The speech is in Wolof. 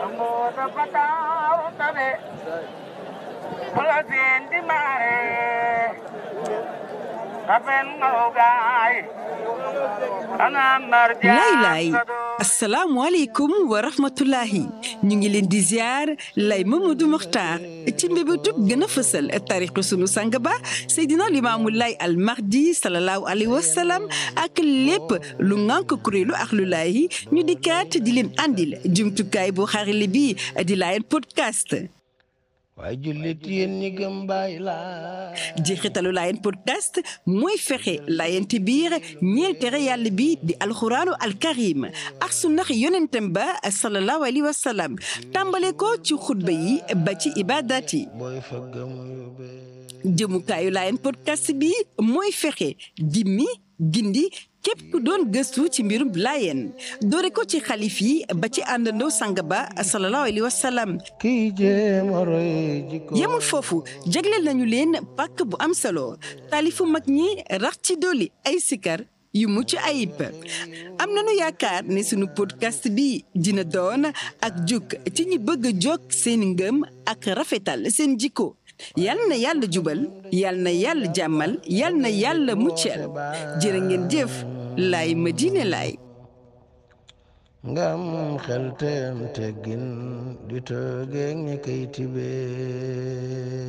Amboto pataw tabe Pulasin di mare Kapen ngogay Anam marjan Laylay asalaamualeykum wa rahmatullahi ñu ngi leen di ziar lay Mamadou Mokhtar ci mbébétub gën a fësal tariqu sunu sang ba Seydina Limaamu Laay al Mahdi salallaahu alayhi wa salaam ak lépp lu ngànk kuréelu axlu laahi ñu di kaat di leen andil jumtukaay bu xarale bi di Laayeen podcast. waaye jullit yéen ñi gëm Baay Laay podcast mooy fexe laayente biir ñeel tere yàlla bi di alxuraanu alkarim ax sunnax yonentam ba sallallahu alayhi wa sallam tàmbale ko ci xutba yi ba ci ibaadaat yi jëmukaayu Laayeen podcast bi mooy fexe gimmi gindi képp ku doon gëstu ci mbirum laayeen doore ko ci xalif yi ba ci àndandoo sang ba sallallahu alayhi wa salaam. yemul foofu jagleel nañu leen pàkk bu am solo taalifu mag ñi rax ci dolli ay sikar yu mucc ayib am nañu yaakaar ne sunu podcast bi jina doon ak jug ci ñi bëgg jóg seen ngëm ak rafetal seen jikko. yal na yàlla jubal yàlla na yàlla jàmmal yàlla na yàlla muccal jërë ngeen jëf lay madina lay nga xel teem teggin di toogee ñi kay tibee